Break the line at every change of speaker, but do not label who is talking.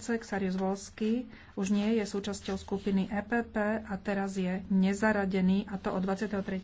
Jacek Sariusvolský už nie je súčasťou skupiny EPP a teraz je nezaradený a to od 23.